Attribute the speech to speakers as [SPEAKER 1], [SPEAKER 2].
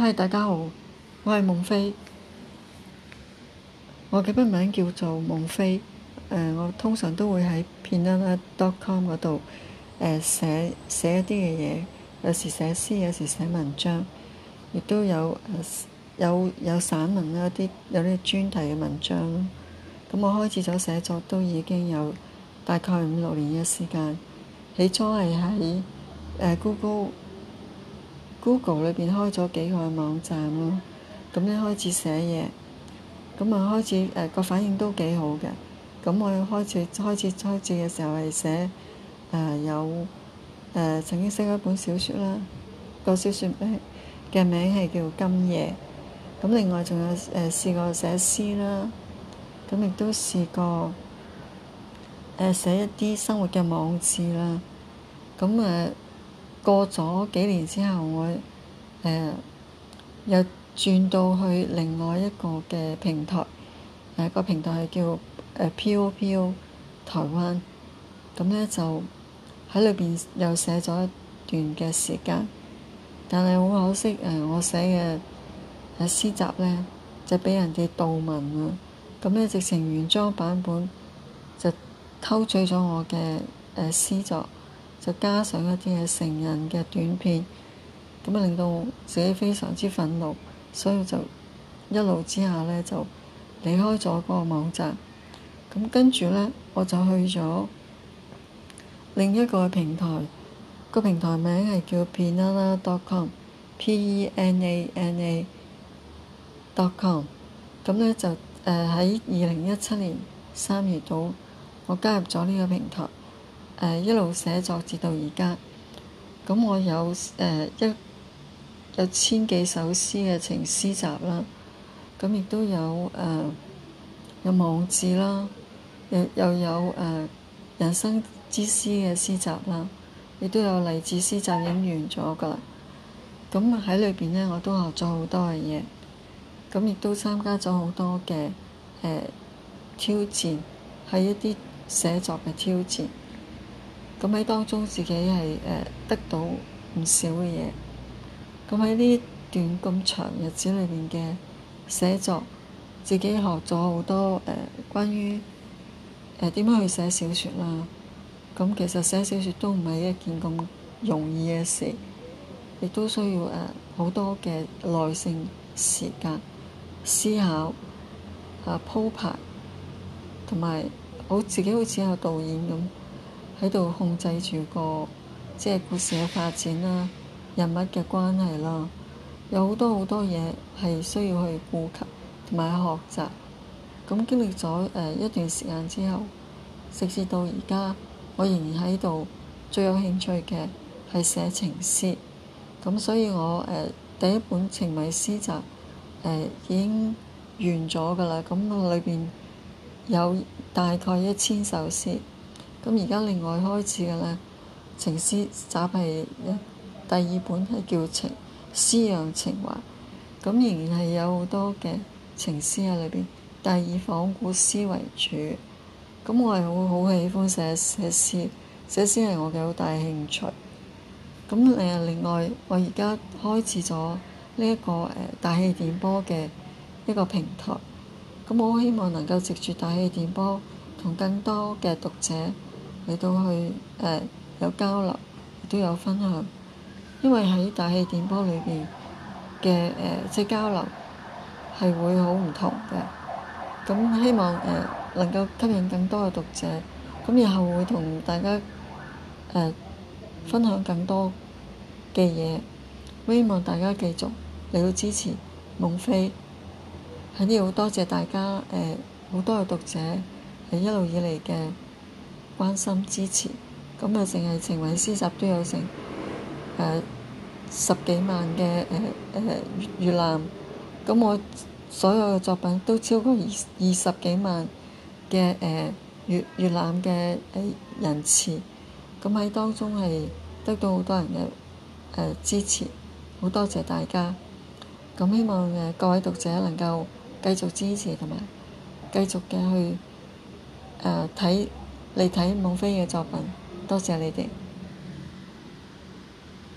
[SPEAKER 1] 嗨，Hi, 大家好，我係夢飛，我嘅筆名叫做夢飛，誒、呃，我通常都會喺 penana.com 嗰度，誒寫寫一啲嘅嘢，有時寫詩，有時寫文章，亦都有誒有有，有散文一啲有啲專題嘅文章。咁我開始咗寫作都已經有大概五六年嘅時間，起初係喺誒 Google。Google 裏邊開咗幾個網站咯，咁咧開始寫嘢，咁啊開始誒個、呃、反應都幾好嘅，咁我又開始開始開始嘅時候係寫誒、呃、有誒、呃、曾經寫過一本小説啦，個小説咧嘅名係叫《今夜》，咁另外仲有誒、呃、試過寫詩啦，咁亦都試過誒寫一啲生活嘅網誌啦，咁誒。呃過咗幾年之後，我誒、呃、又轉到去另外一個嘅平台，誒、呃這個平台係叫 Piu 誒飄飄台灣，咁咧就喺裏邊又寫咗一段嘅時間，但係好可惜誒、呃，我寫嘅誒詩集咧就畀人哋盜文啊，咁咧直成原裝版本就偷取咗我嘅誒詩作。就加上一啲嘢成人嘅短片，咁啊令到我自己非常之憤怒，所以就一路之下咧就離開咗個網站。咁跟住咧，我就去咗另一個平台，個平台名係叫 penana.com，p-e-n-a-n-a.com dot dot。咁、e、咧就誒喺二零一七年三月度，我加入咗呢個平台。誒一路寫作至到而家，咁我有誒、呃、一有千幾首詩嘅情詩集啦，咁亦都有誒、呃、有網誌啦，又，又有誒人生之詩嘅詩集啦，亦都有勵志詩集已完咗㗎喇。咁喺裏邊呢，我都學咗好多嘅嘢，咁亦都參加咗好多嘅誒、呃、挑戰，係一啲寫作嘅挑戰。咁喺當中自己係誒得到唔少嘅嘢，咁喺呢段咁長日子裏邊嘅寫作，自己學咗好多誒關於誒點樣去寫小説啦。咁其實寫小説都唔係一件咁容易嘅事，亦都需要誒好多嘅耐性、時間、思考、啊鋪排，同埋我自己好似有導演咁。喺度控制住個即係故事嘅發展啦，人物嘅關係啦，有好多好多嘢係需要去顧及同埋學習。咁經歷咗誒、呃、一段時間之後，直至到而家，我仍然喺度最有興趣嘅係寫情詩。咁所以我誒、呃、第一本情迷詩集誒、呃、已經完咗㗎啦。咁裏邊有大概一千首詩。咁而家另外開始嘅咧，情詩集係第二本，係叫《情詩樣情懷》。咁仍然係有好多嘅情詩喺裏邊，但係以仿古詩為主。咁我係會好喜歡寫寫詩，寫詩係我嘅好大興趣。咁誒另外，我而家開始咗呢一個誒大氣電波嘅一個平台。咁我希望能夠藉住大氣電波同更多嘅讀者。嚟到去誒、呃，有交流，都有分享，因為喺大氣電波裏邊嘅誒即係交流係會好唔同嘅。咁、嗯、希望誒、呃、能夠吸引更多嘅讀者，咁、嗯、然後會同大家誒、呃、分享更多嘅嘢。希望大家繼續嚟到支持夢飛，喺呢度好多謝大家誒好、呃、多嘅讀者係、呃、一路以嚟嘅。關心支持，咁啊，淨係《情迷詩集》都有成誒、呃、十幾萬嘅誒誒閱覽，咁我所有嘅作品都超過二二十幾萬嘅誒、呃、閱閱覽嘅誒人次，咁喺當中係得到好多人嘅誒、呃、支持，好多謝大家。咁希望誒各位讀者能夠繼續支持同埋繼續嘅去誒睇。呃嚟睇夢飛嘅作品，多謝你哋。